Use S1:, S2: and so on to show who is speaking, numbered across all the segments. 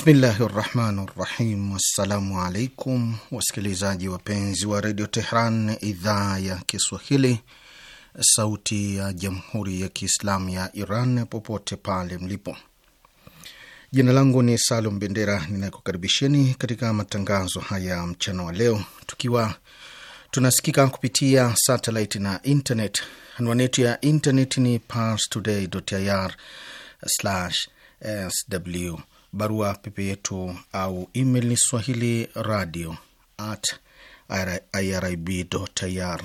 S1: Bismillahi rahmani rahim. Wassalamu alaikum wasikilizaji wapenzi wa redio Tehran, idhaa ya Kiswahili, sauti ya jamhuri ya Kiislamu ya Iran, popote pale mlipo. Jina langu ni Salum Bendera, ninakukaribisheni katika matangazo haya mchana wa leo, tukiwa tunasikika kupitia satellite na internet. Anwani yetu ya internet ni parstoday.ir sw Barua pepe yetu au email ni swahili radio at irib.ir.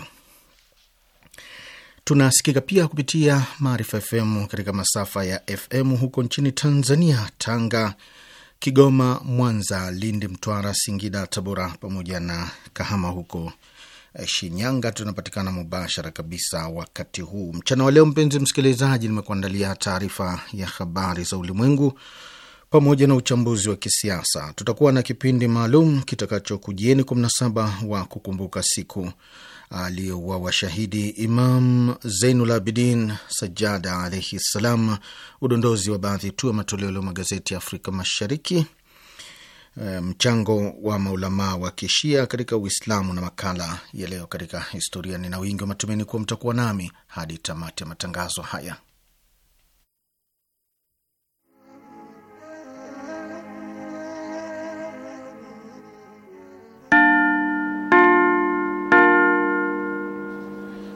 S1: Tunasikika pia kupitia Maarifa FM katika masafa ya FM huko nchini Tanzania, Tanga, Kigoma, Mwanza, Lindi, Mtwara, Singida, Tabora pamoja na Kahama huko eh, Shinyanga. Tunapatikana mubashara kabisa wakati huu mchana wa leo. Mpenzi msikilizaji, nimekuandalia taarifa ya habari za ulimwengu pamoja na uchambuzi wa kisiasa. Tutakuwa na kipindi maalum kitakachokujieni kwa mnasaba wa kukumbuka siku aliyouawa shahidi Imam Zainul Abidin Sajada alaihi ssalam, udondozi wa baadhi tu ya matoleo leo magazeti ya Afrika Mashariki, mchango wa maulamaa wa kishia katika Uislamu na makala ya leo katika historia. Nina wingi wa matumaini kuwa mtakuwa nami hadi tamati ya matangazo haya.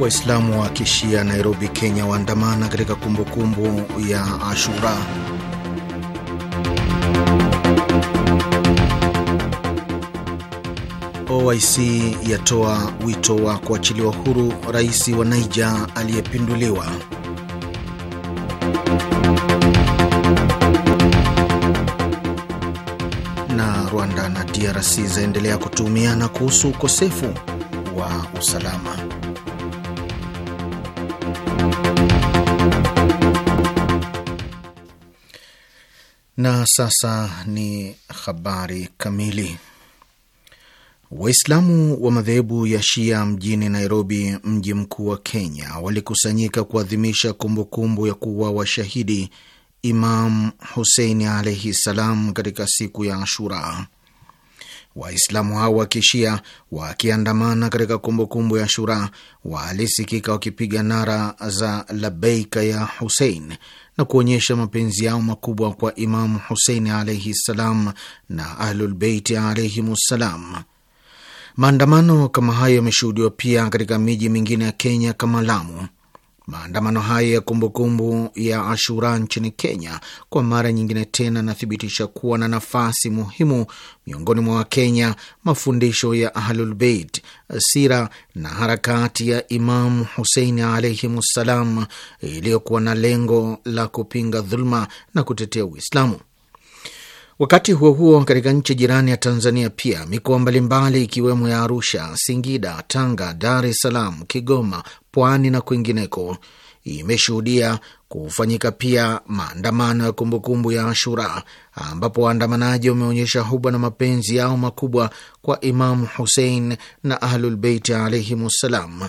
S1: Waislamu wa kishia Nairobi, Kenya waandamana katika kumbukumbu ya Ashura. OIC yatoa wito wa kuachiliwa huru rais wa naija aliyepinduliwa. Na Rwanda na DRC zaendelea kutuhumiana kuhusu ukosefu wa usalama. Na sasa ni habari kamili. Waislamu wa madhehebu ya Shia mjini Nairobi, mji mkuu wa Kenya, walikusanyika kuadhimisha kumbukumbu ya kuwa washahidi Imam Huseini alaihi ssalam katika siku ya Ashura. Waislamu hao wa kishia wakiandamana katika kumbukumbu ya Ashura walisikika wakipiga nara za labeika ya Husein na kuonyesha mapenzi yao makubwa kwa Imamu Huseini alaihi ssalam na Ahlulbeiti ssalam. Maandamano kama hayo yameshuhudiwa pia katika miji mingine ya Kenya kama Lamu. Maandamano haya ya kumbukumbu ya Ashura nchini Kenya kwa mara nyingine tena anathibitisha kuwa na nafasi muhimu miongoni mwa Wakenya mafundisho ya Ahlulbeit sira na harakati ya Imamu Huseini alaihimussalam iliyokuwa na lengo la kupinga dhuluma na kutetea Uislamu. Wakati huo huo, katika nchi jirani ya Tanzania pia mikoa mbalimbali ikiwemo ya Arusha, Singida, Tanga, Dar es Salaam, Kigoma, Pwani na kwingineko imeshuhudia kufanyika pia maandamano ya kumbukumbu ya Ashura ambapo waandamanaji wameonyesha huba na mapenzi yao makubwa kwa Imamu Husein na Ahlulbeiti alaihimussalam.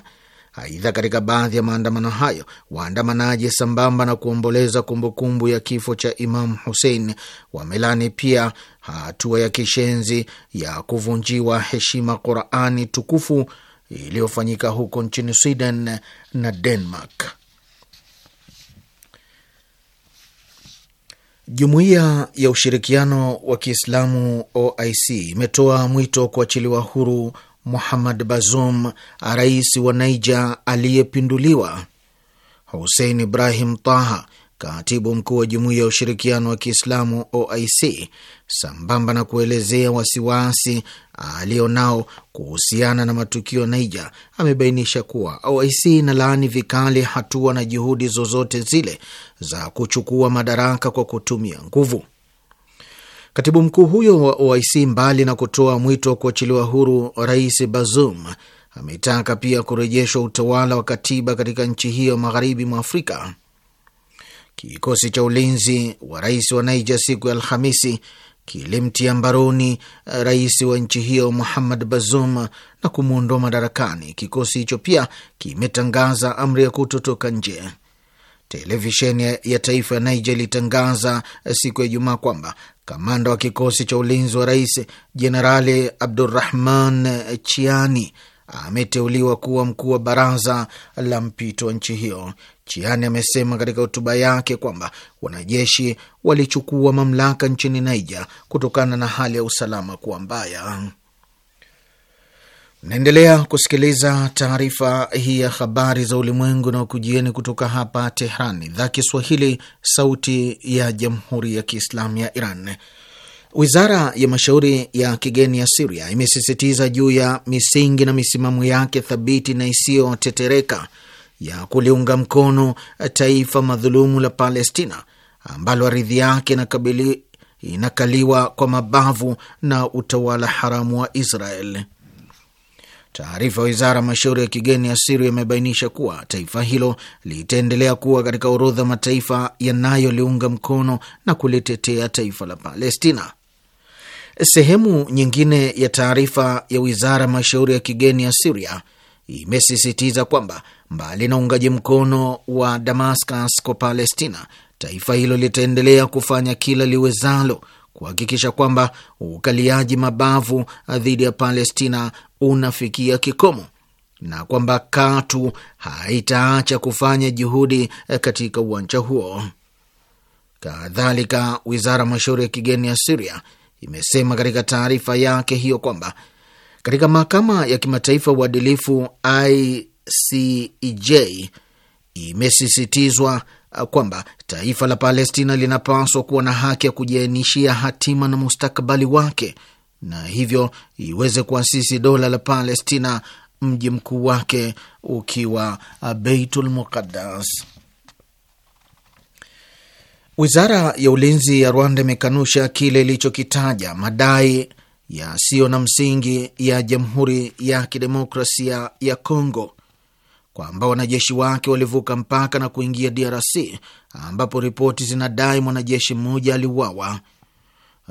S1: Aidha, katika baadhi ya maandamano hayo waandamanaji, sambamba na kuomboleza kumbukumbu ya kifo cha Imamu Husein, wamelani pia hatua ya kishenzi ya kuvunjiwa heshima Qurani tukufu iliyofanyika huko nchini Sweden na Denmark. Jumuiya ya Ushirikiano wa Kiislamu OIC imetoa mwito wa kuachiliwa huru Muhammad Bazoum, rais wa Niger aliyepinduliwa, Hussein Ibrahim Taha, katibu mkuu wa Jumuiya ya Ushirikiano wa Kiislamu OIC, sambamba na kuelezea wasiwasi alionao kuhusiana na matukio ya Naija, amebainisha kuwa OIC inalaani vikali hatua na juhudi zozote zile za kuchukua madaraka kwa kutumia nguvu. Katibu mkuu huyo wa OIC, mbali na kutoa mwito wa kuachiliwa huru Rais Bazoum, ametaka pia kurejeshwa utawala wa katiba katika nchi hiyo magharibi mwa Afrika. Kikosi cha ulinzi wa rais wa Naija siku ya Alhamisi kilimtia mbaroni rais wa nchi hiyo Muhammad Bazoum na kumwondoa madarakani. Kikosi hicho pia kimetangaza amri ya kutotoka nje. Televisheni ya taifa ya Niger ilitangaza siku ya Ijumaa kwamba kamanda wa kikosi cha ulinzi wa rais Jenerali Abdurahman Chiani ameteuliwa kuwa mkuu wa baraza la mpito wa nchi hiyo. Chiani amesema katika hotuba yake kwamba wanajeshi walichukua mamlaka nchini Naija kutokana na hali ya usalama kuwa mbaya. Naendelea kusikiliza taarifa hii ya habari za ulimwengu na ukujieni kutoka hapa Tehran, idhaa Kiswahili, sauti ya jamhuri ya kiislamu ya Iran. Wizara ya mashauri ya kigeni ya Siria imesisitiza juu ya misingi na misimamo yake thabiti na isiyotetereka ya kuliunga mkono taifa madhulumu la Palestina ambalo ardhi yake inakabili inakaliwa kwa mabavu na utawala haramu wa Israel. Taarifa ya wizara ya mashauri ya kigeni ya Siria imebainisha kuwa taifa hilo litaendelea kuwa katika orodha mataifa yanayoliunga mkono na kulitetea taifa la Palestina. Sehemu nyingine ya taarifa ya wizara ya mashauri ya kigeni ya Siria imesisitiza kwamba Mbali na uungaji mkono wa Damascus kwa Palestina, taifa hilo litaendelea kufanya kila liwezalo kuhakikisha kwamba ukaliaji mabavu dhidi ya Palestina unafikia kikomo na kwamba katu haitaacha kufanya juhudi katika uwanja huo. Kadhalika, wizara ya mashauri ya kigeni ya Siria imesema katika taarifa yake hiyo kwamba katika mahakama ya kimataifa uadilifu I CEJ imesisitizwa kwamba taifa la Palestina linapaswa kuwa na haki ya kujiainishia hatima na mustakabali wake na hivyo iweze kuasisi dola la Palestina, mji mkuu wake ukiwa Beitul Muqaddas. Wizara ya ulinzi ya Rwanda imekanusha kile ilichokitaja madai yasiyo na msingi ya Jamhuri ya Kidemokrasia ya Kongo kwamba wanajeshi wake walivuka mpaka na kuingia DRC ambapo ripoti zinadai mwanajeshi mmoja aliuawa.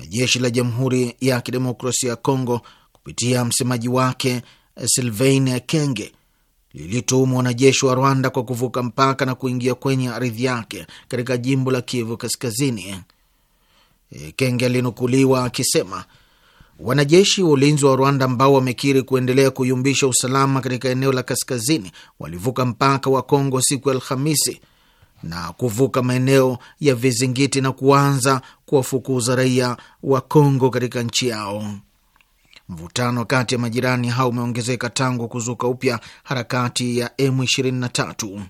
S1: Jeshi la Jamhuri ya Kidemokrasia ya Kongo kupitia msemaji wake Sylvain Kenge lilituma wanajeshi wa Rwanda kwa kuvuka mpaka na kuingia kwenye ardhi yake katika jimbo la Kivu Kaskazini. Kenge alinukuliwa akisema Wanajeshi wa ulinzi wa Rwanda ambao wamekiri kuendelea kuyumbisha usalama katika eneo la kaskazini walivuka mpaka wa Kongo siku ya Alhamisi na kuvuka maeneo ya vizingiti na kuanza kuwafukuza raia wa Kongo katika nchi yao. Mvutano kati ya majirani hao umeongezeka tangu kuzuka upya harakati ya M23.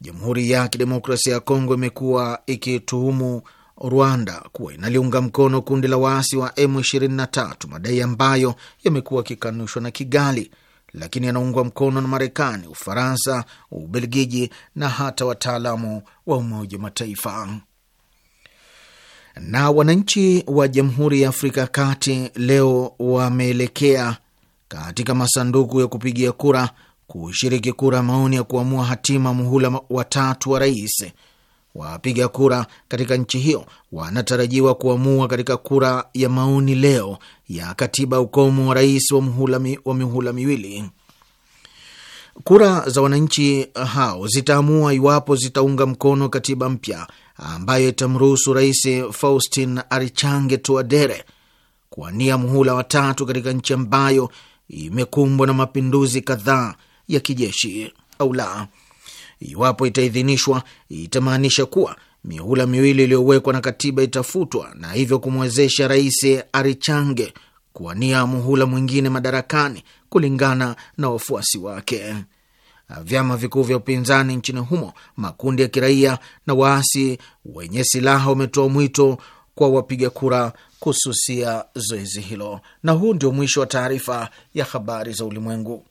S1: Jamhuri ya Kidemokrasia ya Kongo imekuwa ikituhumu Rwanda kuwa inaliunga mkono kundi la waasi wa M23, madai ambayo yamekuwa yakikanushwa na Kigali, lakini yanaungwa mkono na Marekani, Ufaransa, Ubelgiji na hata wataalamu wa Umoja wa Mataifa. Na wananchi wa Jamhuri ya Afrika ya Kati leo wameelekea katika masanduku ya kupigia kura kushiriki kura maoni ya kuamua hatima muhula watatu wa rais Wapiga kura katika nchi hiyo wanatarajiwa kuamua katika kura ya maoni leo ya katiba ukomo wa rais wa mihula wa miwili. Kura za wananchi hao zitaamua iwapo zitaunga mkono katiba mpya ambayo itamruhusu rais Faustin Archange Touadera kuwania muhula wa tatu katika nchi ambayo imekumbwa na mapinduzi kadhaa ya kijeshi au la. Iwapo itaidhinishwa, itamaanisha kuwa mihula miwili iliyowekwa na katiba itafutwa na hivyo kumwezesha Rais Arichange kuwania muhula mwingine madarakani kulingana na wafuasi wake. Vyama vikuu vya upinzani nchini humo, makundi ya kiraia na waasi wenye silaha wametoa mwito kwa wapiga kura kususia zoezi hilo. Na huu ndio mwisho wa taarifa ya habari za ulimwengu.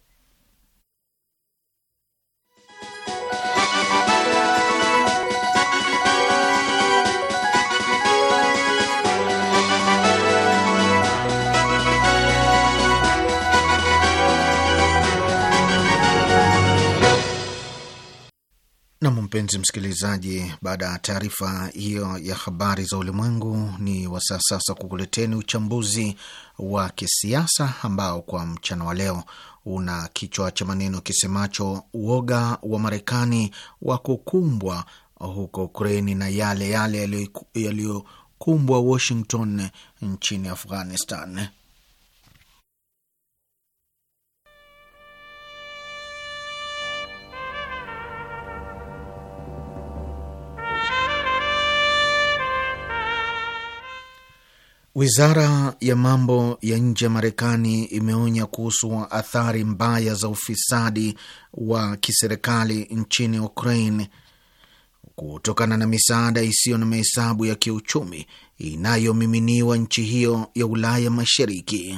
S1: mpenzi msikilizaji, baada ya taarifa hiyo ya habari za ulimwengu, ni wasaa sasa kukuleteni uchambuzi wa kisiasa ambao kwa mchana wa leo una kichwa cha maneno kisemacho uoga wa Marekani wa kukumbwa huko Ukraini na yale yale yaliyokumbwa Washington nchini Afghanistan. Wizara ya mambo ya nje ya Marekani imeonya kuhusu athari mbaya za ufisadi wa kiserikali nchini Ukraine kutokana na misaada isiyo na mahesabu ya kiuchumi inayomiminiwa nchi hiyo ya Ulaya Mashariki.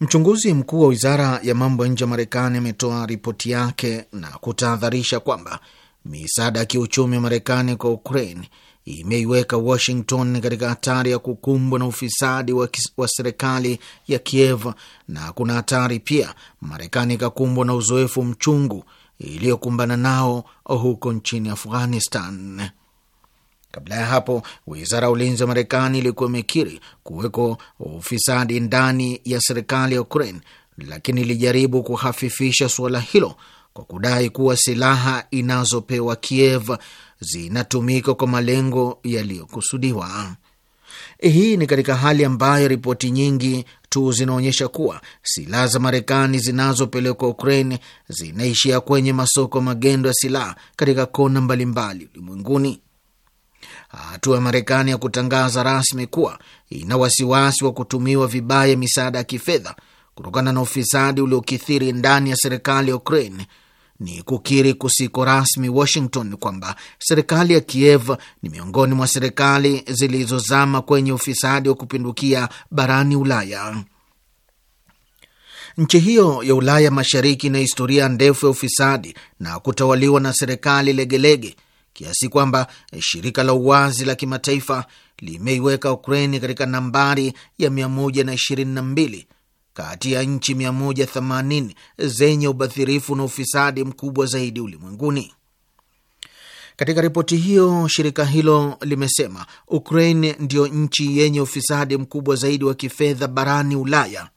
S1: Mchunguzi mkuu wa wizara ya mambo ya nje ya Marekani ametoa ripoti yake na kutahadharisha kwamba misaada ya kiuchumi ya Marekani kwa Ukraine imeiweka Washington katika hatari ya kukumbwa na ufisadi wa, wa serikali ya Kiev, na kuna hatari pia Marekani ikakumbwa na uzoefu mchungu iliyokumbana nao huko nchini Afghanistan. Kabla ya hapo, wizara ya ulinzi wa Marekani ilikuwa imekiri kuweko ufisadi ndani ya serikali ya Ukraine, lakini ilijaribu kuhafifisha suala hilo kwa kudai kuwa silaha inazopewa Kiev zinatumika kwa malengo yaliyokusudiwa. Hii ni katika hali ambayo ripoti nyingi tu zinaonyesha kuwa silaha za Marekani zinazopelekwa Ukraine zinaishia kwenye masoko magendo ya silaha katika kona mbalimbali ulimwenguni. Hatua ya Marekani ya kutangaza rasmi kuwa ina wasiwasi wa kutumiwa vibaya misaada ya kifedha kutokana na ufisadi uliokithiri ndani ya serikali ya Ukraine ni kukiri kusiko rasmi Washington kwamba serikali ya Kiev ni miongoni mwa serikali zilizozama kwenye ufisadi wa kupindukia barani Ulaya. Nchi hiyo ya Ulaya Mashariki ina historia ndefu ya ufisadi na kutawaliwa na serikali legelege kiasi kwamba shirika la uwazi la kimataifa limeiweka Ukraini katika nambari ya 122 kati ya nchi 180 zenye ubadhirifu na ufisadi mkubwa zaidi ulimwenguni. Katika ripoti hiyo, shirika hilo limesema Ukraine ndiyo nchi yenye ufisadi mkubwa zaidi wa kifedha barani Ulaya.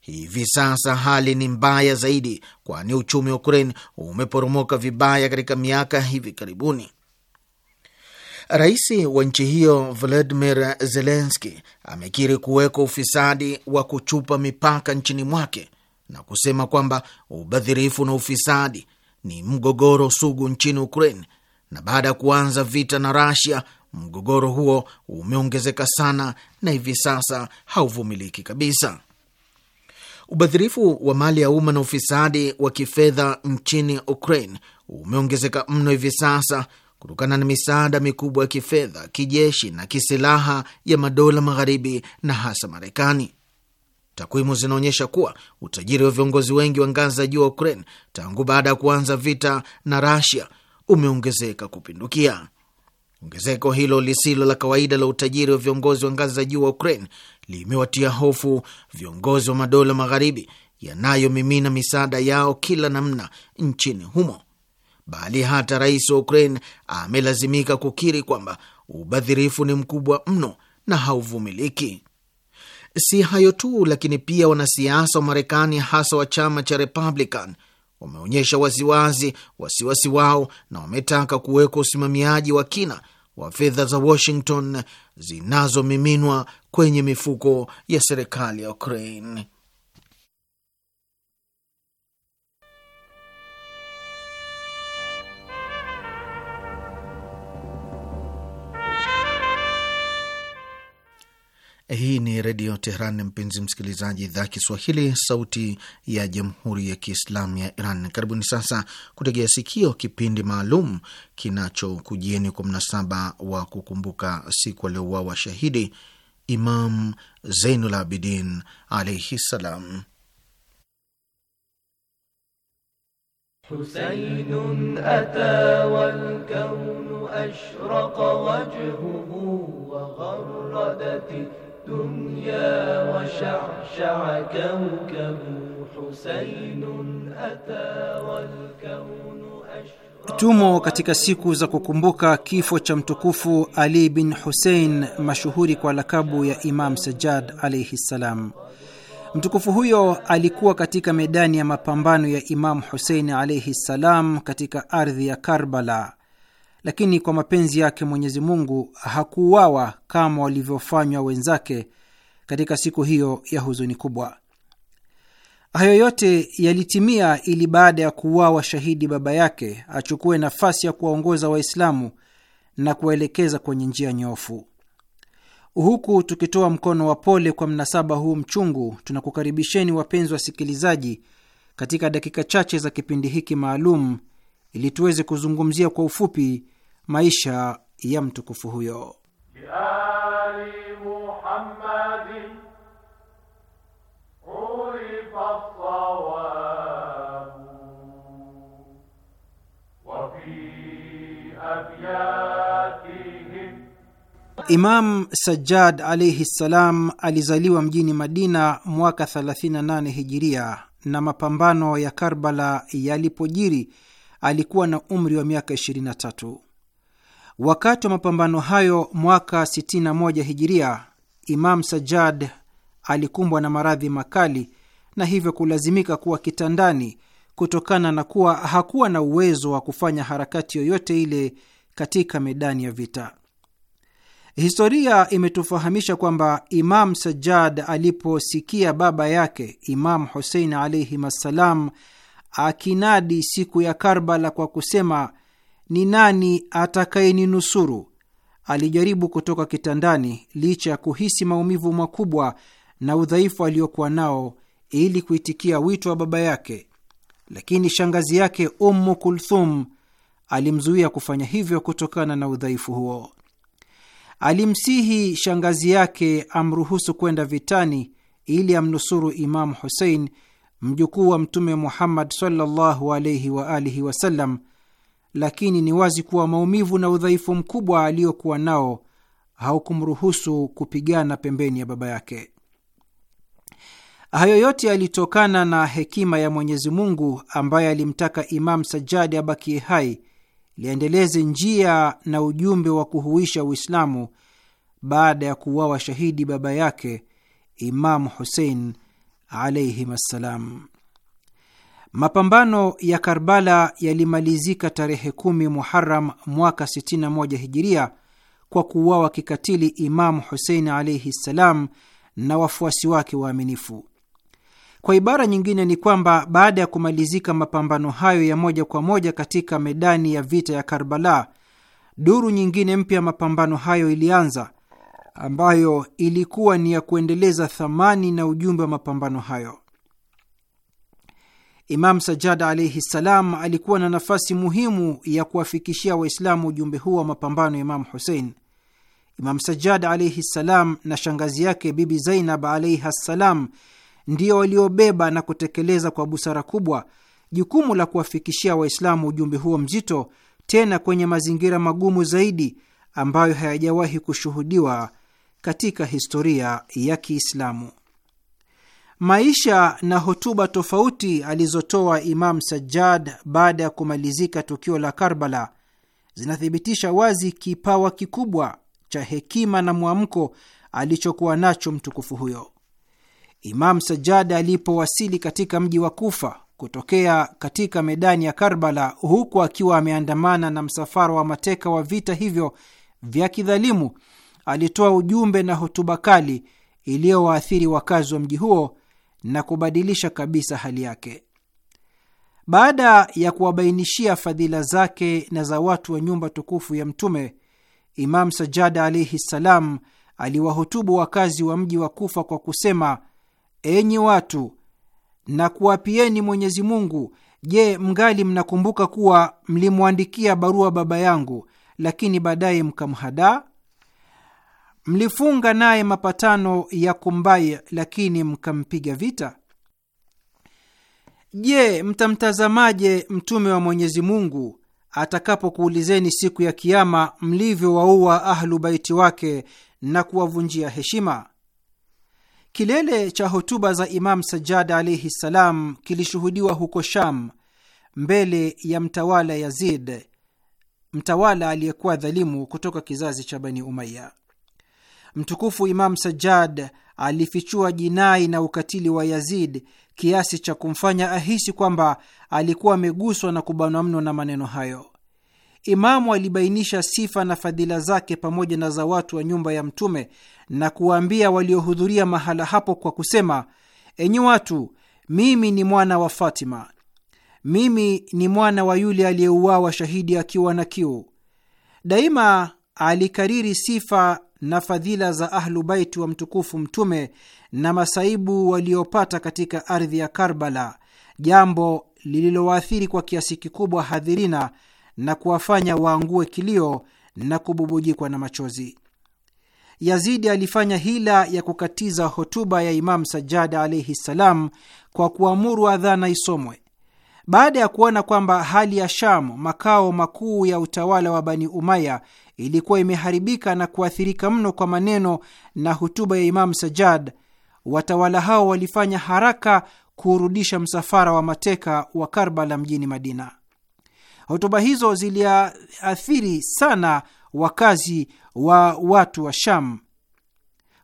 S1: Hivi sasa hali ni mbaya zaidi, kwani uchumi wa Ukraine umeporomoka vibaya katika miaka hivi karibuni. Rais wa nchi hiyo Vladimir zelenski amekiri kuwekwa ufisadi wa kuchupa mipaka nchini mwake na kusema kwamba ubadhirifu na ufisadi ni mgogoro sugu nchini Ukraine, na baada ya kuanza vita na Russia, mgogoro huo umeongezeka sana na hivi sasa hauvumiliki kabisa. Ubadhirifu wa mali ya umma na ufisadi wa kifedha nchini Ukraine umeongezeka mno hivi sasa kutokana na misaada mikubwa ya kifedha, kijeshi na kisilaha ya madola magharibi na hasa Marekani. Takwimu zinaonyesha kuwa utajiri wa viongozi wengi wa ngazi za juu wa Ukraine tangu baada ya kuanza vita na Rasia umeongezeka kupindukia. Ongezeko hilo lisilo la kawaida la utajiri wa viongozi wa ngazi za juu wa Ukraine limewatia hofu viongozi wa madola magharibi yanayomimina misaada yao kila namna nchini humo bali hata rais wa Ukraine amelazimika kukiri kwamba ubadhirifu ni mkubwa mno na hauvumiliki. Si hayo tu, lakini pia wanasiasa wa Marekani, hasa wa chama cha Republican, wameonyesha waziwazi wasiwasi wao na wametaka kuwekwa usimamiaji wa kina wa fedha za Washington zinazomiminwa kwenye mifuko ya serikali ya Ukraine. Hii ni Redio Tehran, mpenzi msikilizaji, idhaa Kiswahili, sauti ya jamhuri ya kiislamu ya Iran. Karibuni sasa kutegea sikio kipindi maalum kinachokujieni kwa mnasaba wa kukumbuka siku aliouawa shahidi Imam Zeinul Abidin alaihi salam.
S2: Husainun ata wal kaunu ashraqa wajhuhu wa الدنيا وشعشع كوكب حسين أتى والكون
S3: Tumo katika siku za kukumbuka kifo cha mtukufu Ali bin Hussein, mashuhuri kwa lakabu ya Imam Sajjad alaihi ssalam. Mtukufu huyo alikuwa katika medani ya mapambano ya Imam Husein alaihi ssalam katika ardhi ya Karbala lakini kwa mapenzi yake Mwenyezi Mungu hakuuawa kama walivyofanywa wenzake katika siku hiyo ya huzuni kubwa. Hayo yote yalitimia ili baada ya kuuawa shahidi baba yake achukue nafasi ya kuwaongoza Waislamu na kuwaelekeza kwenye njia nyofu. Huku tukitoa mkono wa pole kwa mnasaba huu mchungu, tunakukaribisheni wapenzi wasikilizaji, katika dakika chache za kipindi hiki maalum ili tuweze kuzungumzia kwa ufupi maisha ya mtukufu huyo. Imam Sajjad alaihi ssalam alizaliwa mjini Madina mwaka 38 hijiria, na mapambano ya Karbala yalipojiri alikuwa na umri wa miaka 23. Wakati wa mapambano hayo mwaka 61 hijiria, Imam Sajjad alikumbwa na maradhi makali na hivyo kulazimika kuwa kitandani kutokana na kuwa hakuwa na uwezo wa kufanya harakati yoyote ile katika medani ya vita. Historia imetufahamisha kwamba Imam Sajjad aliposikia baba yake Imam Husein alaihim assalam akinadi siku ya Karbala kwa kusema ni nani atakayeninusuru? Alijaribu kutoka kitandani licha ya kuhisi maumivu makubwa na udhaifu aliokuwa nao ili kuitikia wito wa baba yake, lakini shangazi yake Ummu Kulthum alimzuia kufanya hivyo kutokana na udhaifu huo. Alimsihi shangazi yake amruhusu kwenda vitani ili amnusuru Imamu Husein, mjukuu wa Mtume Muhammad sallallahu alaihi waalihi wasallam lakini ni wazi kuwa maumivu na udhaifu mkubwa aliyokuwa nao haukumruhusu kupigana pembeni ya baba yake. Hayo yote yalitokana na hekima ya Mwenyezi Mungu ambaye alimtaka Imam sajadi abakie hai liendeleze njia na ujumbe wa kuhuisha Uislamu baada ya kuuawa shahidi baba yake Imamu Husein alaihim assalam. Mapambano ya Karbala yalimalizika tarehe kumi Muharam mwaka 61 hijiria kwa kuuawa kikatili Imamu Husein alaihi ssalam na wafuasi wake waaminifu. Kwa ibara nyingine ni kwamba baada ya kumalizika mapambano hayo ya moja kwa moja katika medani ya vita ya Karbala, duru nyingine mpya ya mapambano hayo ilianza, ambayo ilikuwa ni ya kuendeleza thamani na ujumbe wa mapambano hayo. Imam Sajjad alaihi ssalam alikuwa na nafasi muhimu ya kuwafikishia Waislamu ujumbe huu wa mapambano ya Imamu Husein. Imam Sajjad alaihi ssalam na shangazi yake Bibi Zainab alaiha ssalam ndio waliobeba na kutekeleza kwa busara kubwa jukumu la kuwafikishia Waislamu ujumbe huo mzito, tena kwenye mazingira magumu zaidi ambayo hayajawahi kushuhudiwa katika historia ya Kiislamu. Maisha na hotuba tofauti alizotoa Imam Sajjad baada ya kumalizika tukio la Karbala zinathibitisha wazi kipawa kikubwa cha hekima na mwamko alichokuwa nacho mtukufu huyo. Imam Sajjad alipowasili katika mji wa Kufa kutokea katika medani ya Karbala, huku akiwa ameandamana na msafara wa mateka wa vita hivyo vya kidhalimu, alitoa ujumbe na hotuba kali iliyowaathiri wakazi wa mji huo na kubadilisha kabisa hali yake. Baada ya kuwabainishia fadhila zake na za watu wa nyumba tukufu ya Mtume, Imam Sajada alaihi ssalam aliwahutubu wakazi wa mji wa Kufa kwa kusema: enyi watu, na kuwapieni Mwenyezi Mungu, je, mngali mnakumbuka kuwa mlimwandikia barua baba yangu, lakini baadaye mkamhadaa? Mlifunga naye mapatano ya kumbai, lakini mkampiga vita. Je, mtamtazamaje mtume wa Mwenyezi Mungu atakapokuulizeni siku ya Kiama mlivyowaua ahlu baiti wake na kuwavunjia heshima? Kilele cha hotuba za Imam Sajjad alaihi ssalam kilishuhudiwa huko Sham mbele ya mtawala Yazid, mtawala aliyekuwa dhalimu kutoka kizazi cha Bani Umaya mtukufu Imam Sajjad alifichua jinai na ukatili wa Yazid kiasi cha kumfanya ahisi kwamba alikuwa ameguswa na kubanwa mno na maneno hayo. Imamu alibainisha sifa na fadhila zake pamoja na za watu wa nyumba ya Mtume na kuwaambia waliohudhuria mahala hapo kwa kusema, enyi watu, mimi ni mwana wa Fatima, mimi ni mwana wa yule aliyeuawa shahidi akiwa na kiu. Daima alikariri sifa na fadhila za Ahlu Baiti wa mtukufu Mtume na masaibu waliopata katika ardhi ya Karbala, jambo lililowaathiri kwa kiasi kikubwa hadhirina na kuwafanya waangue kilio na kububujikwa na machozi. Yazidi alifanya hila ya kukatiza hotuba ya Imamu Sajjad alaihi ssalam kwa kuamuru adhana isomwe. Baada ya kuona kwamba hali ya Shamu, makao makuu ya utawala wa Bani Umaya, ilikuwa imeharibika na kuathirika mno kwa maneno na hutuba ya Imamu Sajjad, watawala hao walifanya haraka kuurudisha msafara wa mateka wa Karbala mjini Madina. Hotuba hizo ziliathiri sana wakazi wa watu wa Sham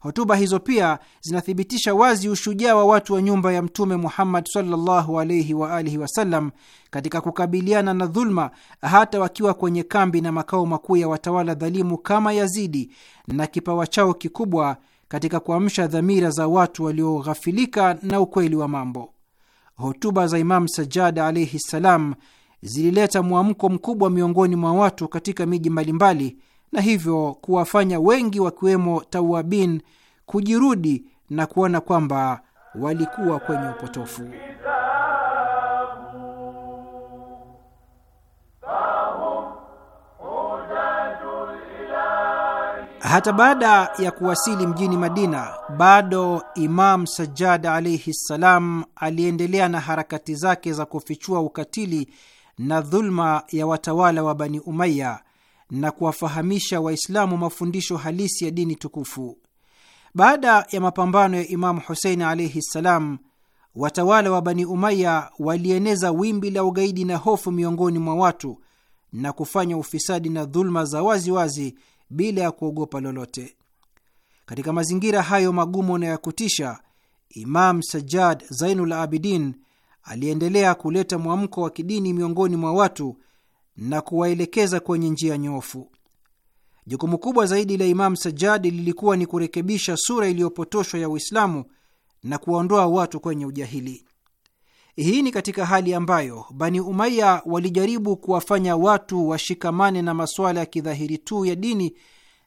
S3: Hotuba hizo pia zinathibitisha wazi ushujaa wa watu wa nyumba ya Mtume Muhammad sallallahu alaihi wa alihi wasallam katika kukabiliana na dhuluma, hata wakiwa kwenye kambi na makao makuu ya watawala dhalimu kama Yazidi, na kipawa chao kikubwa katika kuamsha dhamira za watu walioghafilika na ukweli wa mambo. Hotuba za Imamu Sajjad alaihi ssalam zilileta mwamko mkubwa miongoni mwa watu katika miji mbalimbali na hivyo kuwafanya wengi wakiwemo tawabin kujirudi na kuona kwamba walikuwa kwenye upotofu. Hata baada ya kuwasili mjini Madina, bado Imam Sajjad alaihi ssalam aliendelea na harakati zake za kufichua ukatili na dhulma ya watawala wa Bani Umaya na kuwafahamisha Waislamu mafundisho halisi ya dini tukufu. Baada ya mapambano ya Imamu Husein alaihi ssalam, watawala wa Bani Umaya walieneza wimbi la ugaidi na hofu miongoni mwa watu na kufanya ufisadi na dhuluma za waziwazi wazi bila ya kuogopa lolote. Katika mazingira hayo magumu na ya kutisha, Imam Sajjad Zainul Abidin aliendelea kuleta mwamko wa kidini miongoni mwa watu na kuwaelekeza kwenye njia nyofu. Jukumu kubwa zaidi la Imamu sajad lilikuwa ni kurekebisha sura iliyopotoshwa ya Uislamu na kuwaondoa watu kwenye ujahili. Hii ni katika hali ambayo Bani Umaya walijaribu kuwafanya watu washikamane na masuala ya kidhahiri tu ya dini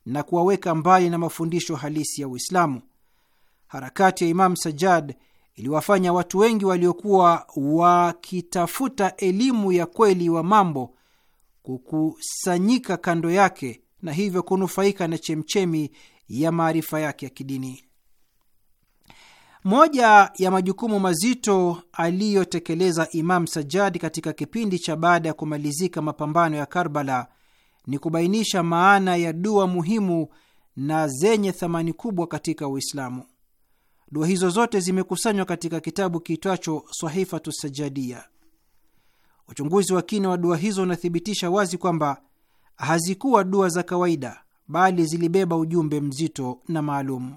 S3: na kuwaweka mbali na mafundisho halisi ya Uislamu. Harakati ya Imamu Sajjad iliwafanya watu wengi waliokuwa wakitafuta elimu ya kweli wa mambo kukusanyika kando yake na hivyo kunufaika na chemchemi ya maarifa yake ya kidini. Moja ya majukumu mazito aliyotekeleza Imam Sajadi katika kipindi cha baada ya kumalizika mapambano ya Karbala ni kubainisha maana ya dua muhimu na zenye thamani kubwa katika Uislamu. Dua hizo zote zimekusanywa katika kitabu kiitwacho Sahifatu Sajadia. Uchunguzi wa kina wa dua hizo unathibitisha wazi kwamba hazikuwa dua za kawaida, bali zilibeba ujumbe mzito na maalum.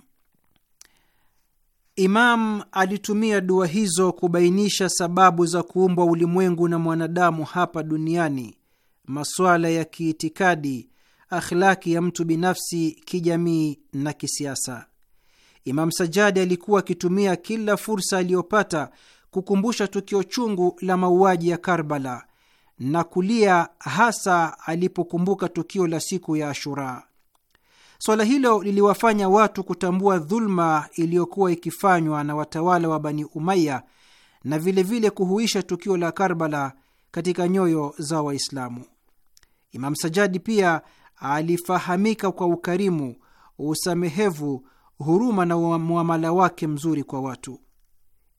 S3: Imam alitumia dua hizo kubainisha sababu za kuumbwa ulimwengu na mwanadamu hapa duniani, masuala ya kiitikadi, akhlaki ya mtu binafsi, kijamii na kisiasa. Imam Sajadi alikuwa akitumia kila fursa aliyopata kukumbusha tukio chungu la mauaji ya Karbala na kulia hasa alipokumbuka tukio la siku ya Ashura. Swala hilo liliwafanya watu kutambua dhuluma iliyokuwa ikifanywa na watawala wa Bani Umaya na vilevile vile kuhuisha tukio la Karbala katika nyoyo za Waislamu. Imam Sajadi pia alifahamika kwa ukarimu, usamehevu, huruma na muamala wake mzuri kwa watu.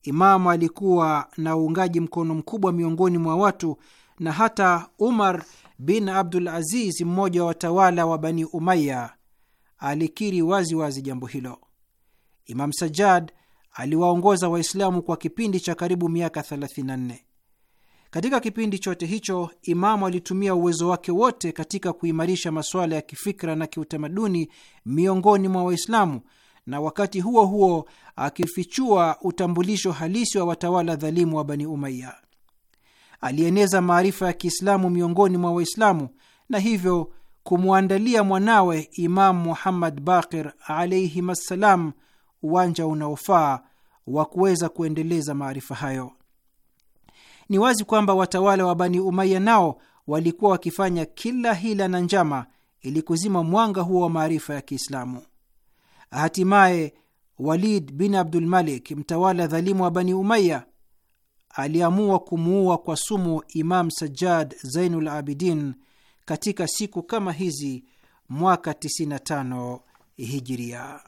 S3: Imamu alikuwa na uungaji mkono mkubwa miongoni mwa watu na hata Umar bin Abdul Aziz, mmoja wa watawala wa Bani Umaya, alikiri waziwazi wazi jambo hilo. Imam Sajjad aliwaongoza Waislamu kwa kipindi cha karibu miaka 34. Katika kipindi chote hicho, Imamu alitumia uwezo wake wote katika kuimarisha masuala ya kifikra na kiutamaduni miongoni mwa Waislamu na wakati huo huo akifichua utambulisho halisi wa watawala dhalimu wa Bani Umaya. Alieneza maarifa ya Kiislamu miongoni mwa Waislamu na hivyo kumwandalia mwanawe Imamu Muhammad Bakir alaihim assalam uwanja unaofaa wa kuweza kuendeleza maarifa hayo. Ni wazi kwamba watawala wa Bani Umaya nao walikuwa wakifanya kila hila na njama ili kuzima mwanga huo wa maarifa ya Kiislamu. Hatimaye Walid bin Abdulmalik, mtawala dhalimu wa Bani Umaya, aliamua kumuua kwa sumu Imam Sajjad Zainul Abidin katika siku kama hizi mwaka 95 Hijiria.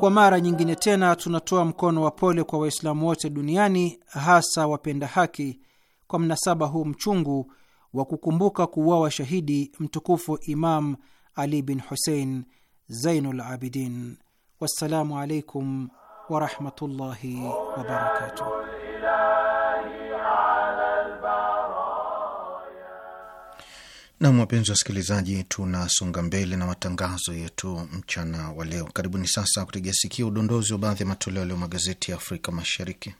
S3: Kwa mara nyingine tena tunatoa mkono wa pole kwa Waislamu wote duniani, hasa wapenda haki, kwa mnasaba huu mchungu wa kukumbuka kuuawa shahidi mtukufu Imam Ali bin Husein Zainul Abidin. Wassalamu alaikum
S4: warahmatullahi wabarakatuh.
S1: Nam, wapenzi wa wasikilizaji, tunasonga mbele na matangazo yetu mchana wa leo. Karibuni sasa kutegea sikio udondozi wa baadhi ya matoleo ya leo magazeti ya Afrika Mashariki.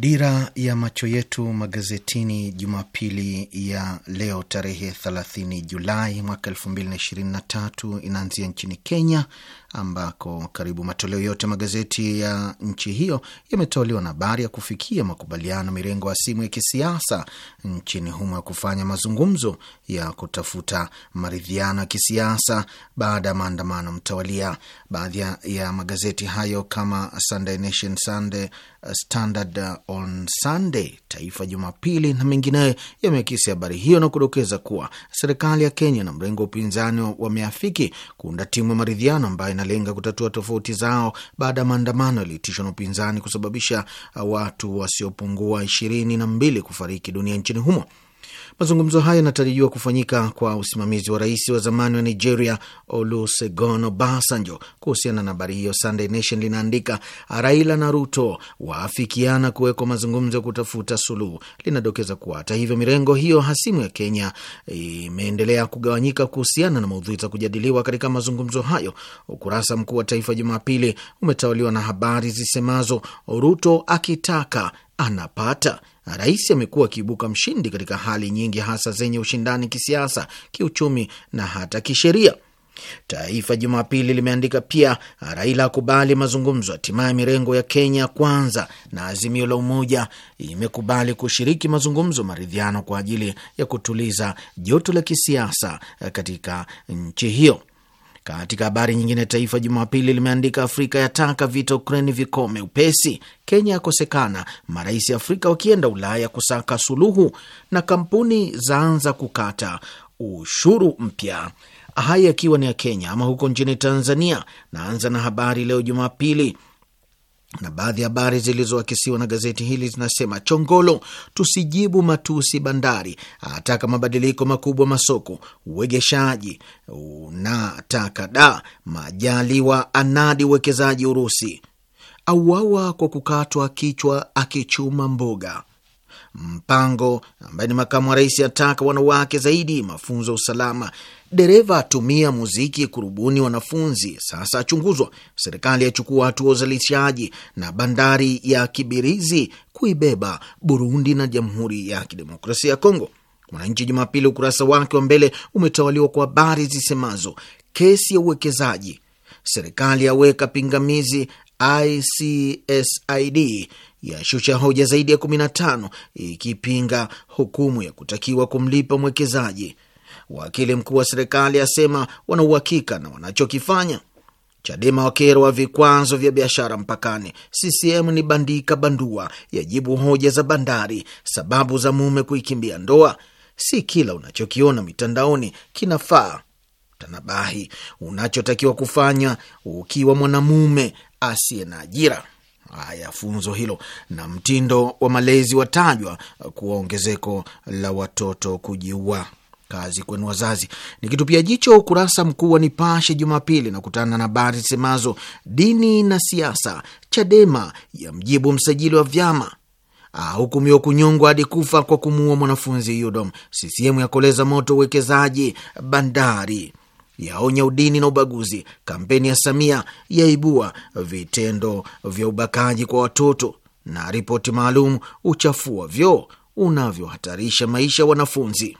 S1: Dira ya macho yetu magazetini Jumapili ya leo tarehe 30 Julai mwaka 2023 inaanzia nchini Kenya ambako karibu matoleo yote magazeti ya nchi hiyo yametolewa na habari ya kufikia makubaliano mirengo ya simu ya kisiasa nchini humo ya kufanya mazungumzo ya kutafuta maridhiano ya kisiasa baada ya maandamano mtawalia. Baadhi ya magazeti hayo kama Sunday Nation, Sunday uh, Standard uh, on Sunday, Taifa Jumapili na mengineyo yameakisi habari hiyo na kudokeza kuwa serikali ya Kenya na mrengo wa upinzani wameafiki kuunda timu ya maridhiano ambayo yanalenga kutatua tofauti zao baada ya maandamano yaliitishwa na upinzani kusababisha watu wasiopungua ishirini na mbili kufariki dunia nchini humo. Mazungumzo hayo yanatarajiwa kufanyika kwa usimamizi wa rais wa zamani wa Nigeria Olusegun Obasanjo. Kuhusiana na habari hiyo, Sunday Nation linaandika Raila na Ruto waafikiana kuwekwa mazungumzo ya kutafuta suluhu. Linadokeza kuwa hata hivyo, mirengo hiyo hasimu ya Kenya imeendelea kugawanyika kuhusiana na maudhui za kujadiliwa katika mazungumzo hayo. Ukurasa mkuu wa Taifa Jumapili umetawaliwa na habari zisemazo Ruto akitaka anapata Rais amekuwa akiibuka mshindi katika hali nyingi, hasa zenye ushindani kisiasa, kiuchumi na hata kisheria. Taifa Jumapili limeandika pia, Raila akubali mazungumzo. Hatimaye mirengo ya Kenya Kwanza na Azimio la Umoja imekubali kushiriki mazungumzo maridhiano kwa ajili ya kutuliza joto la kisiasa katika nchi hiyo. Katika habari nyingine, Taifa Jumapili limeandika Afrika yataka vita Ukraini vikome upesi, Kenya yakosekana, marais Afrika wakienda Ulaya kusaka suluhu, na kampuni zaanza kukata ushuru mpya. Haya yakiwa ni ya Kenya. Ama huko nchini Tanzania, naanza na Habari Leo Jumapili na baadhi ya habari zilizoakisiwa na gazeti hili zinasema: Chongolo, tusijibu matusi bandari, ataka mabadiliko makubwa masoko, uwegeshaji na takada, Majaliwa anadi uwekezaji Urusi, auawa kwa kukatwa kichwa akichuma mboga Mpango ambaye ni makamu wa rais ataka wanawake zaidi mafunzo ya usalama dereva atumia muziki kurubuni wanafunzi, sasa achunguzwa. Serikali yachukua hatua uzalishaji, na bandari ya Kibirizi kuibeba Burundi na Jamhuri ya Kidemokrasia ya Kongo. Mwananchi Jumapili ukurasa wake wa mbele umetawaliwa kwa habari zisemazo kesi ya uwekezaji, serikali yaweka pingamizi ICSID ya shusha hoja zaidi ya 15 ikipinga hukumu ya kutakiwa kumlipa mwekezaji. Wakili mkuu wa serikali asema wana uhakika na wanachokifanya. Chadema wakerwa vikwazo vya biashara mpakani. CCM ni bandika bandua, yajibu hoja za bandari, sababu za mume kuikimbia ndoa. Si kila unachokiona mitandaoni kinafaa tanabahi unachotakiwa kufanya ukiwa mwanamume asiye na ajira. Haya, funzo hilo na mtindo wa malezi watajwa kuwa ongezeko la watoto kujiua kazi kwenu wazazi. ni pia jicho ukurasa mkuu wa Nipashe Jumapili na kutana na habari zisemazo dini na siasa, Chadema ya mjibu msajili wa vyama ahukumiwa kunyongwa hadi kufa kwa kumuua mwanafunzi Yudom. CCM yakoleza moto uwekezaji bandari, yaonya udini na ubaguzi. Kampeni ya Samia yaibua vitendo vya ubakaji kwa watoto, na ripoti maalum, uchafua vyo vyoo unavyohatarisha maisha wanafunzi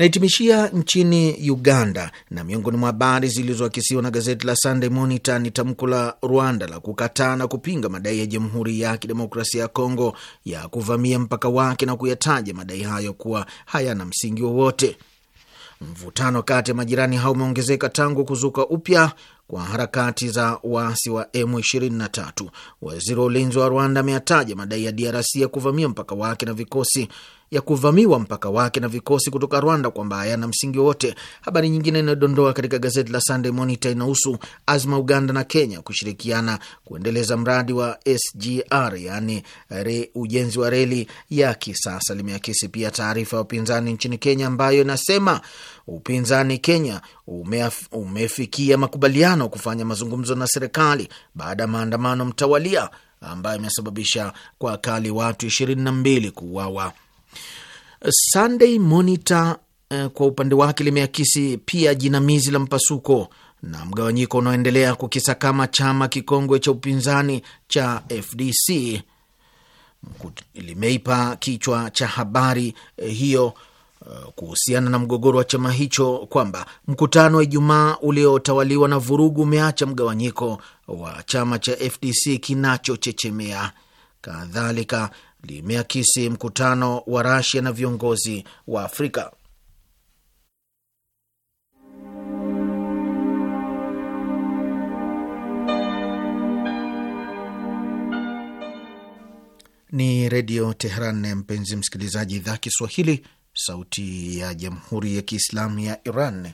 S1: naitimishia nchini Uganda, na miongoni mwa habari zilizoakisiwa na gazeti la Sunday Monitor ni tamko la Rwanda la kukataa na kupinga madai ya Jamhuri ya Kidemokrasia ya Kongo ya kuvamia mpaka wake na kuyataja madai hayo kuwa hayana msingi wowote. Mvutano kati ya majirani hao umeongezeka tangu kuzuka upya kwa harakati za waasi wa M23. Waziri wa ulinzi wa Rwanda ameyataja madai ya DRC ya kuvamia mpaka wake na vikosi ya kuvamiwa mpaka wake na vikosi kutoka Rwanda kwamba hayana msingi wote Habari nyingine inayodondoa katika gazeti la Sunday Monitor inahusu azma Uganda na Kenya kushirikiana kuendeleza mradi wa SGR, yaani ujenzi wa reli ya kisasa. Limeakisi pia taarifa ya upinzani nchini Kenya ambayo inasema upinzani Kenya umef, umefikia makubaliano kufanya mazungumzo na serikali baada ya maandamano mtawalia ambayo imesababisha kwa akali watu ishirini na mbili kuuawa. Sunday Monitor eh, kwa upande wake limeakisi pia jinamizi la mpasuko na mgawanyiko unaoendelea kukisakama chama kikongwe cha upinzani cha FDC. Limeipa kichwa cha habari eh, hiyo eh, kuhusiana na mgogoro wa chama hicho kwamba mkutano wa Ijumaa uliotawaliwa na vurugu umeacha mgawanyiko wa chama cha FDC kinachochechemea. Kadhalika limeakisi mkutano wa Rasia na viongozi wa Afrika. Ni Redio teheran mpenzi msikilizaji, idhaa Kiswahili, sauti ya Jamhuri ya Kiislamu ya Iran.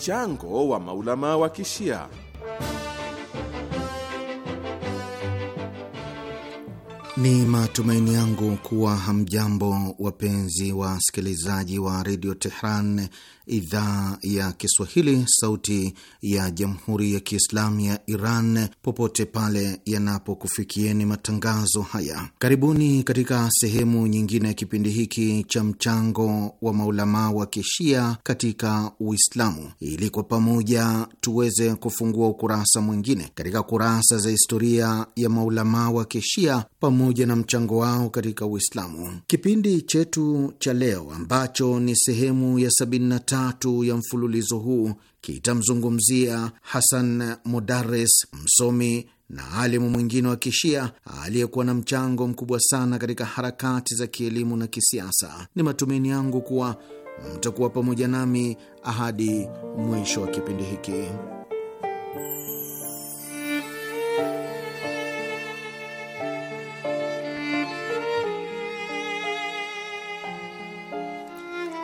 S5: mchango wa maulama wa Kishia
S1: Ni matumaini yangu kuwa hamjambo, wapenzi wa sikilizaji wa redio Tehran, idhaa ya Kiswahili, sauti ya jamhuri ya kiislamu ya Iran, popote pale yanapokufikieni matangazo haya. Karibuni katika sehemu nyingine ya kipindi hiki cha mchango wa maulamaa wa kishia katika Uislamu, ili kwa pamoja tuweze kufungua ukurasa mwingine katika kurasa za historia ya maulamaa wa kishia pamoja pamoja na mchango wao katika Uislamu. Kipindi chetu cha leo ambacho ni sehemu ya 73 ya mfululizo huu kitamzungumzia Hasan Modares, msomi na alimu mwingine wa kishia aliyekuwa na mchango mkubwa sana katika harakati za kielimu na kisiasa. Ni matumaini yangu kuwa mtakuwa pamoja nami ahadi mwisho wa kipindi hiki.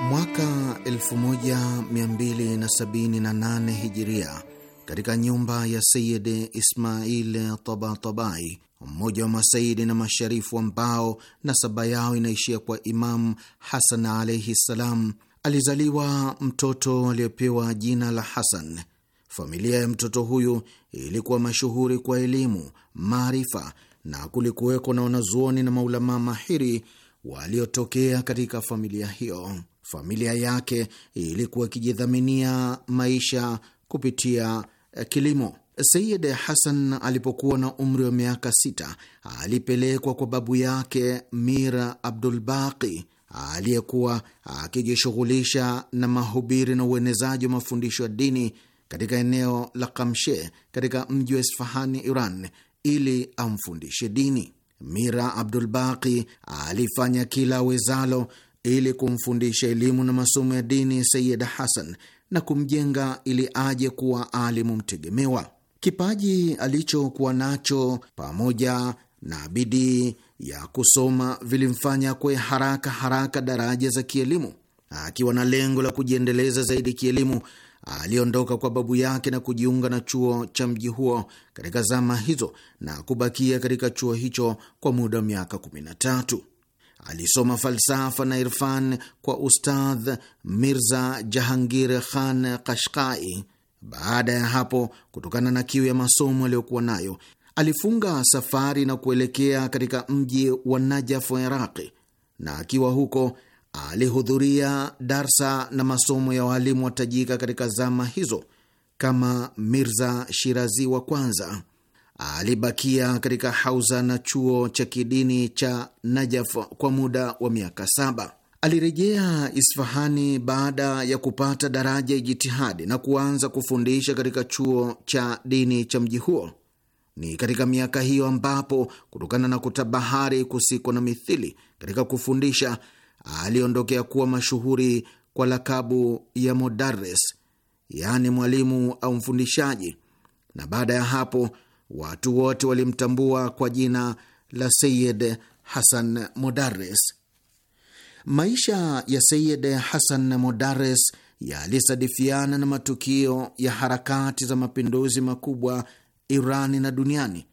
S1: Mwaka 1278 hijiria katika nyumba ya Sayid Ismail Tabatabai, mmoja wa masaidi na masharifu ambao nasaba yao inaishia kwa Imamu Hasan alaihi ssalam, alizaliwa mtoto aliyepewa jina la Hasan. Familia ya mtoto huyu ilikuwa mashuhuri kwa elimu, maarifa na kulikuweko na wanazuoni na maulamaa mahiri waliotokea katika familia hiyo. Familia yake ilikuwa ikijidhaminia maisha kupitia eh, kilimo. Sayid Hasan alipokuwa na umri wa miaka sita alipelekwa kwa babu yake Mira Abdul Baqi aliyekuwa akijishughulisha na mahubiri na uenezaji wa mafundisho ya dini katika eneo la Kamshe katika mji wa Isfahani, Iran, ili amfundishe dini. Mira Abdul Baqi alifanya kila awezalo ili kumfundisha elimu na masomo ya dini Sayid Hasan na kumjenga ili aje kuwa alimu mtegemewa. Kipaji alichokuwa nacho pamoja na bidii ya kusoma vilimfanya kwe haraka haraka daraja za kielimu. Akiwa na lengo la kujiendeleza zaidi kielimu, aliondoka kwa babu yake na kujiunga na chuo cha mji huo katika zama hizo na kubakia katika chuo hicho kwa muda wa miaka 13. Alisoma falsafa na irfan kwa Ustadh Mirza Jahangir Khan Kashkai. Baada ya hapo, kutokana na kiu ya masomo aliyokuwa nayo, alifunga safari na kuelekea katika mji wa Najaf wa Iraqi, na akiwa huko alihudhuria darsa na masomo ya waalimu watajika katika zama hizo kama Mirza Shirazi wa kwanza alibakia katika hauza na chuo cha kidini cha Najaf kwa muda wa miaka saba. Alirejea Isfahani baada ya kupata daraja ya jitihadi na kuanza kufundisha katika chuo cha dini cha mji huo. Ni katika miaka hiyo ambapo kutokana na kutabahari kusiko na mithili katika kufundisha, aliondokea kuwa mashuhuri kwa lakabu ya Modares, yaani mwalimu au mfundishaji, na baada ya hapo watu wote walimtambua kwa jina la Sayid Hasan Modares. Maisha ya Sayid Hasan Modares yalisadifiana na matukio ya harakati za mapinduzi makubwa Irani na duniani,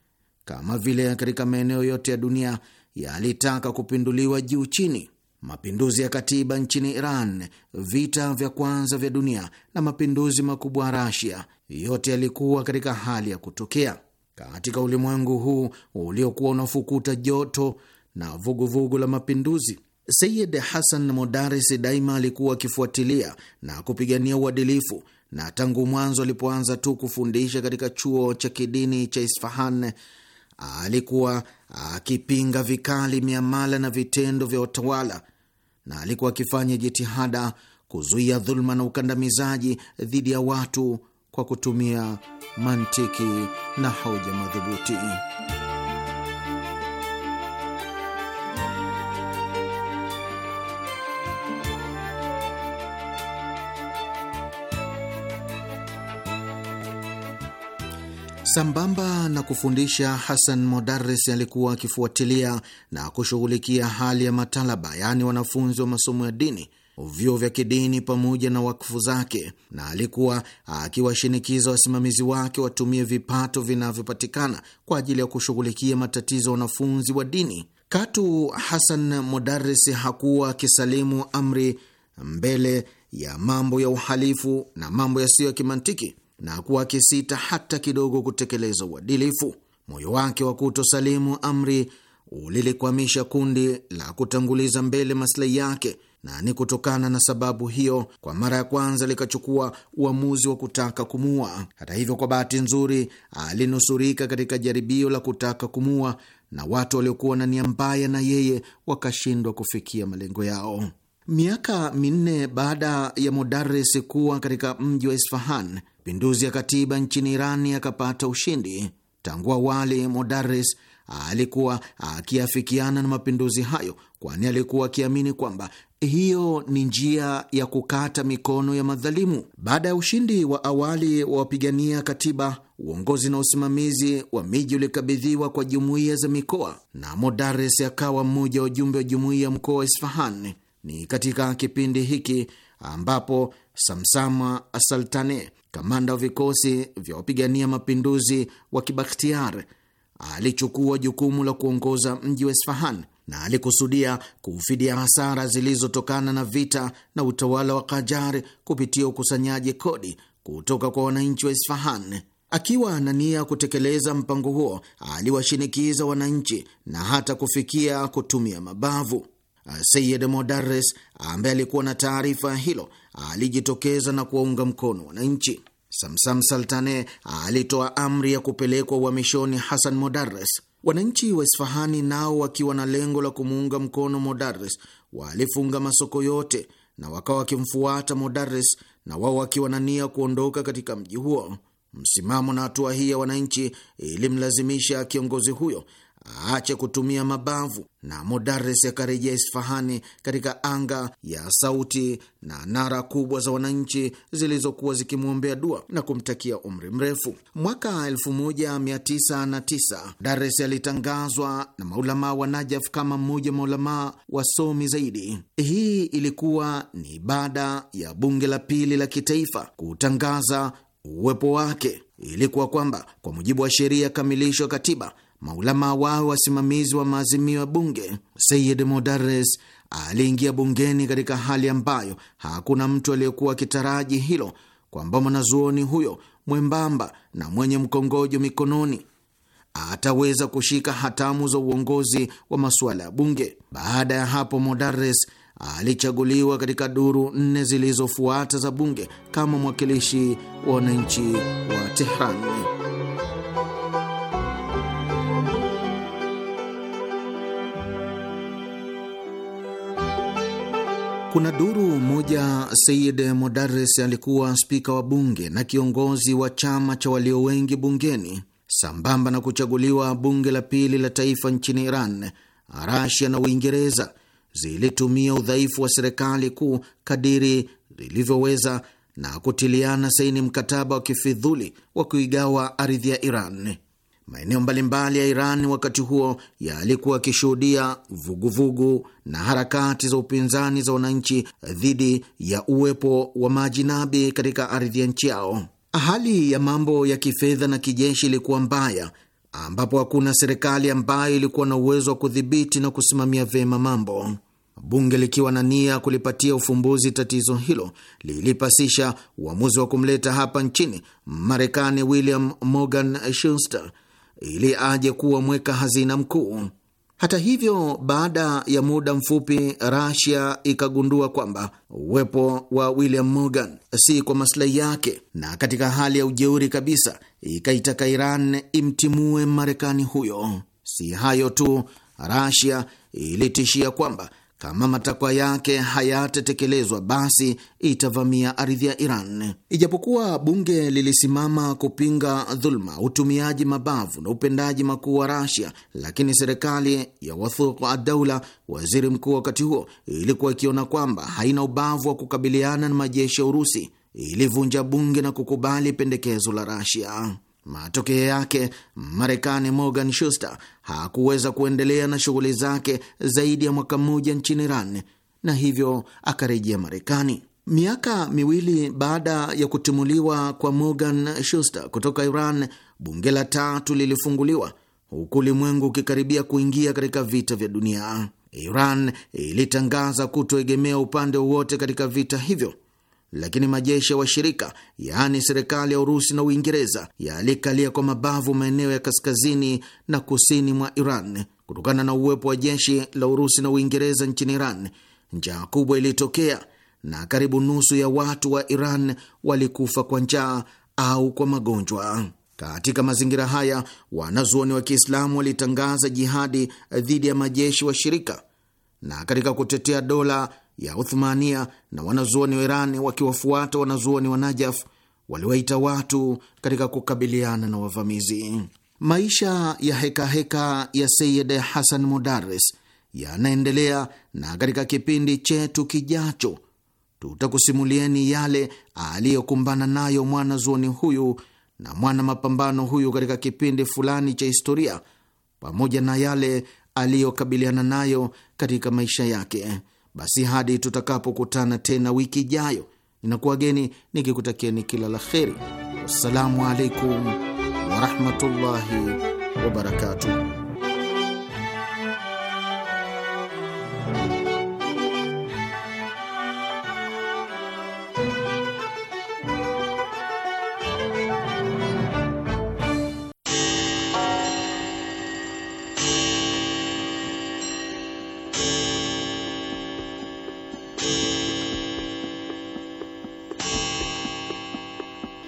S1: kama vile katika maeneo yote ya dunia yalitaka kupinduliwa juu chini: mapinduzi ya katiba nchini Iran, vita vya kwanza vya dunia na mapinduzi makubwa ya Rasia, yote yalikuwa katika hali ya kutokea. Katika ulimwengu huu uliokuwa unafukuta joto na vuguvugu vugu la mapinduzi, Sayid Hasan Modares daima alikuwa akifuatilia na kupigania uadilifu, na tangu mwanzo alipoanza tu kufundisha katika chuo cha kidini cha Isfahan alikuwa akipinga vikali miamala na vitendo vya utawala na alikuwa akifanya jitihada kuzuia dhuluma na ukandamizaji dhidi ya watu kwa kutumia mantiki na hoja madhubuti. Sambamba na kufundisha, Hasan Modares alikuwa akifuatilia na kushughulikia hali ya matalaba, yaani wanafunzi wa masomo ya dini vyuo vya kidini pamoja na wakfu zake, na alikuwa akiwashinikiza wasimamizi wake watumie vipato vinavyopatikana kwa ajili ya kushughulikia matatizo ya wanafunzi wa dini. Katu Hasan Modarisi hakuwa akisalimu amri mbele ya mambo ya uhalifu na mambo yasiyo ya kimantiki, na kuwa akisita hata kidogo kutekeleza uadilifu. Moyo wake wa kutosalimu amri ulilikwamisha kundi la kutanguliza mbele maslahi yake na ni kutokana na sababu hiyo kwa mara ya kwanza likachukua uamuzi wa kutaka kumua. Hata hivyo, kwa bahati nzuri alinusurika katika jaribio la kutaka kumua, na watu waliokuwa na nia mbaya na yeye wakashindwa kufikia malengo yao. Miaka minne baada ya Modares kuwa katika mji wa Isfahan, pinduzi ya katiba nchini Irani yakapata ushindi. Tangu awali Modares alikuwa akiafikiana na mapinduzi hayo, kwani alikuwa akiamini kwamba hiyo ni njia ya kukata mikono ya madhalimu. Baada ya ushindi wa awali wa wapigania katiba, uongozi na usimamizi wa miji ulikabidhiwa kwa jumuiya za mikoa, na Modares akawa mmoja wa ujumbe wa jumuiya ya mkoa wa Isfahan. Ni katika kipindi hiki ambapo Samsama Asaltane, kamanda wa vikosi vya wapigania mapinduzi wa Kibaktiar, alichukua jukumu la kuongoza mji wa Isfahan na alikusudia kuufidia hasara zilizotokana na vita na utawala wa Kajar kupitia ukusanyaji kodi kutoka kwa wananchi wa Isfahan. Akiwa na nia kutekeleza mpango huo, aliwashinikiza wananchi na hata kufikia kutumia mabavu. Sayid Modares ambaye alikuwa na taarifa hilo alijitokeza na kuwaunga mkono wananchi. Samsam Saltane alitoa amri ya kupelekwa uhamishoni Hasan Modarres. Wananchi wa Isfahani nao wakiwa na lengo la kumuunga mkono Modarres walifunga masoko yote na wakawa wakimfuata Modarres, na wao wakiwa na nia kuondoka katika mji huo. Msimamo na hatua hii ya wananchi ilimlazimisha kiongozi huyo aache kutumia mabavu, na Modares akarejea Isfahani katika anga ya sauti na nara kubwa za wananchi zilizokuwa zikimwombea dua na kumtakia umri mrefu. Mwaka 1909 Dares alitangazwa na maulamaa wa Najaf kama mmoja wa maulamaa wasomi zaidi. Hii ilikuwa ni baada ya bunge la pili la kitaifa kutangaza uwepo wake. Ilikuwa kwamba kwa mujibu wa sheria kamilisho katiba maulama wao wasimamizi wa maazimio ya bunge. Sayid Modares aliingia bungeni katika hali ambayo hakuna mtu aliyekuwa akitaraji hilo, kwamba mwanazuoni huyo mwembamba na mwenye mkongojo mikononi ataweza kushika hatamu za uongozi wa masuala ya bunge. Baada ya hapo, Modares alichaguliwa katika duru nne zilizofuata za bunge kama mwakilishi wa wananchi wa Tehran. Kuna duru moja, Sayid Modares alikuwa spika wa bunge na kiongozi wa chama cha walio wengi bungeni. Sambamba na kuchaguliwa bunge la pili la taifa nchini Iran, Rasia na Uingereza zilitumia udhaifu wa serikali kuu kadiri zilivyoweza na kutiliana saini mkataba wa kifidhuli wa kuigawa ardhi ya Iran maeneo mbalimbali ya Iran wakati huo yalikuwa yakishuhudia vuguvugu na harakati za upinzani za wananchi dhidi ya uwepo wa majinabi katika ardhi ya nchi yao. Hali ya mambo ya kifedha na kijeshi ilikuwa mbaya, ambapo hakuna serikali ambayo ilikuwa na uwezo wa kudhibiti na kusimamia vyema mambo. Bunge likiwa na nia ya kulipatia ufumbuzi tatizo hilo, lilipasisha uamuzi wa kumleta hapa nchini Marekani William Morgan Shuster ili aje kuwa mweka hazina mkuu. Hata hivyo, baada ya muda mfupi Rasia ikagundua kwamba uwepo wa William Morgan si kwa maslahi yake, na katika hali ya ujeuri kabisa ikaitaka Iran imtimue Marekani huyo. Si hayo tu, Rasia ilitishia kwamba kama matakwa yake hayatatekelezwa, basi itavamia ardhi ya Iran. Ijapokuwa bunge lilisimama kupinga dhuluma, utumiaji mabavu na upendaji makuu wa Rasia, lakini serikali ya Wathuq Adaula, waziri mkuu wakati huo, ilikuwa ikiona kwamba haina ubavu wa kukabiliana na majeshi ya Urusi, ilivunja bunge na kukubali pendekezo la Rasia. Matokeo yake Marekani Morgan Shuster hakuweza kuendelea na shughuli zake zaidi ya mwaka mmoja nchini Iran na hivyo akarejea Marekani. Miaka miwili baada ya kutimuliwa kwa Morgan Shuster kutoka Iran, bunge la tatu lilifunguliwa huku ulimwengu ukikaribia kuingia katika vita vya dunia. Iran ilitangaza kutoegemea upande wowote katika vita hivyo lakini majeshi ya washirika yaani serikali ya Urusi na Uingereza yalikalia kwa mabavu maeneo ya kaskazini na kusini mwa Iran. Kutokana na uwepo wa jeshi la Urusi na Uingereza nchini Iran, njaa kubwa ilitokea na karibu nusu ya watu wa Iran walikufa kwa njaa au kwa magonjwa. Katika mazingira haya, wanazuoni wa Kiislamu walitangaza jihadi dhidi ya majeshi washirika, na katika kutetea dola ya Uthmania na wanazuoni wa Irani wakiwafuata wanazuoni wa Najaf waliwaita watu katika kukabiliana na wavamizi. Maisha ya hekaheka heka ya Seyid Hasan Mudares yanaendelea na katika kipindi chetu kijacho tutakusimulieni yale aliyokumbana nayo mwanazuoni huyu na mwana mapambano huyu katika kipindi fulani cha historia, pamoja na yale aliyokabiliana nayo katika maisha yake. Basi hadi tutakapokutana tena wiki ijayo, ninakuwageni nikikutakieni kila la kheri. Wassalamu alaikum warahmatullahi wabarakatuh.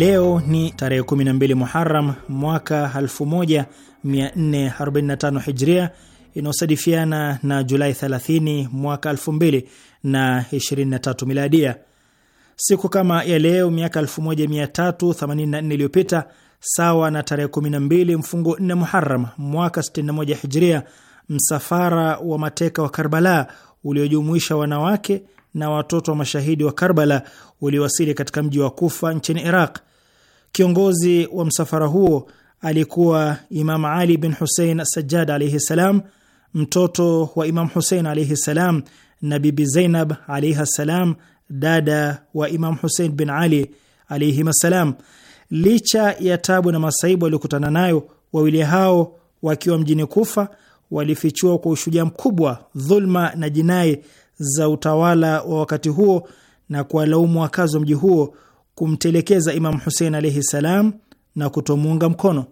S6: Leo ni tarehe 12 muharam mwaka 1445 Hijria, inayosadifiana na Julai 30 mwaka 2023 Miladia. Siku kama ya leo miaka 1384 iliyopita, sawa na tarehe 12 mfungo 4 muharam mwaka 61 Hijria, msafara wa mateka wa Karbala uliojumuisha wanawake na watoto wa mashahidi wa Karbala uliwasili katika mji wa Kufa nchini Iraq Kiongozi wa msafara huo alikuwa Imam Ali bin Husein Sajjad alaihi ssalam, mtoto wa Imam Husein alaihi ssalam na Bibi Zainab alaihi ssalam, dada wa Imam Husein bin Ali alaihim assalam. Licha ya tabu na masaibu waliokutana nayo, wawili hao wakiwa mjini Kufa walifichua kwa ushujaa mkubwa dhulma na jinai za utawala wa wakati huo na kuwalaumu wakazi wa mji huo kumtelekeza Imamu Husein alaihi salam na kutomuunga mkono.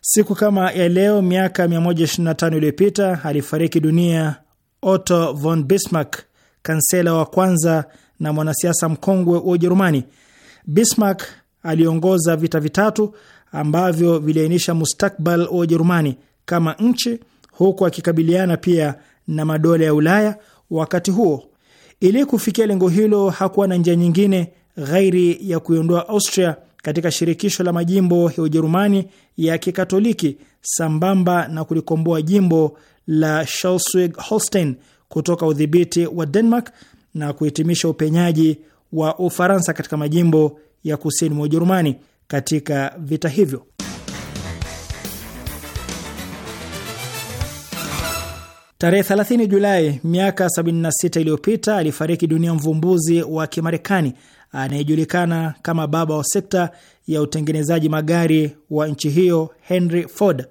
S6: Siku kama ya leo miaka 125 iliyopita alifariki dunia Otto von Bismarck, kansela wa kwanza na mwanasiasa mkongwe wa Ujerumani. Bismarck aliongoza vita vitatu ambavyo viliainisha mustakbal wa Ujerumani kama nchi, huku akikabiliana pia na madola ya Ulaya wakati huo. Ili kufikia lengo hilo, hakuwa na njia nyingine ghairi ya kuiondoa Austria katika shirikisho la majimbo ya Ujerumani ya Kikatoliki sambamba na kulikomboa jimbo la Schleswig Holstein kutoka udhibiti wa Denmark na kuhitimisha upenyaji wa Ufaransa katika majimbo ya kusini mwa Ujerumani katika vita hivyo. Tarehe 30 Julai miaka 76 iliyopita alifariki dunia mvumbuzi wa Kimarekani anayejulikana kama baba wa sekta ya utengenezaji magari wa nchi hiyo, Henry Ford.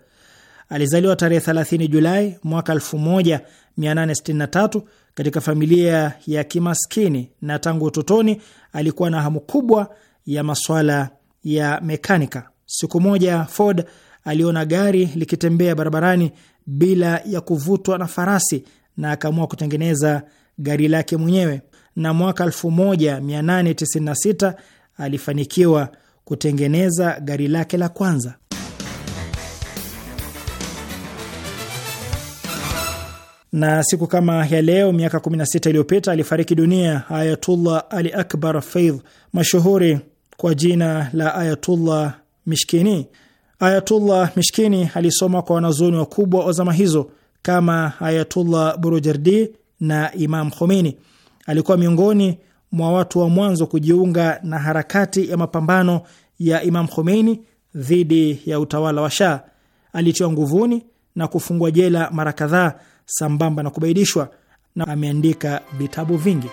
S6: Alizaliwa tarehe 30 Julai mwaka 1863 katika familia ya kimaskini, na tangu utotoni alikuwa na hamu kubwa ya masuala ya mekanika. Siku moja Ford aliona gari likitembea barabarani bila ya kuvutwa na farasi na akaamua kutengeneza gari lake mwenyewe, na mwaka 1896 alifanikiwa kutengeneza gari lake la kwanza. Na siku kama ya leo miaka 16 iliyopita alifariki dunia Ayatullah Ali Akbar Faidh, mashuhuri kwa jina la Ayatullah Mishkini. Ayatullah Mishkini alisoma kwa wanazuoni wakubwa wa zama hizo kama Ayatullah Burujerdi na Imam Khomeini. Alikuwa miongoni mwa watu wa mwanzo kujiunga na harakati ya mapambano ya Imam Khomeini dhidi ya utawala wa Shah. Alitiwa nguvuni na kufungwa jela mara kadhaa, sambamba na kubaidishwa, na ameandika vitabu vingi.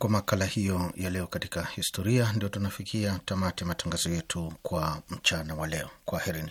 S1: kwa makala hiyo ya leo katika historia, ndio tunafikia tamati matangazo yetu kwa mchana wa leo. Kwaherini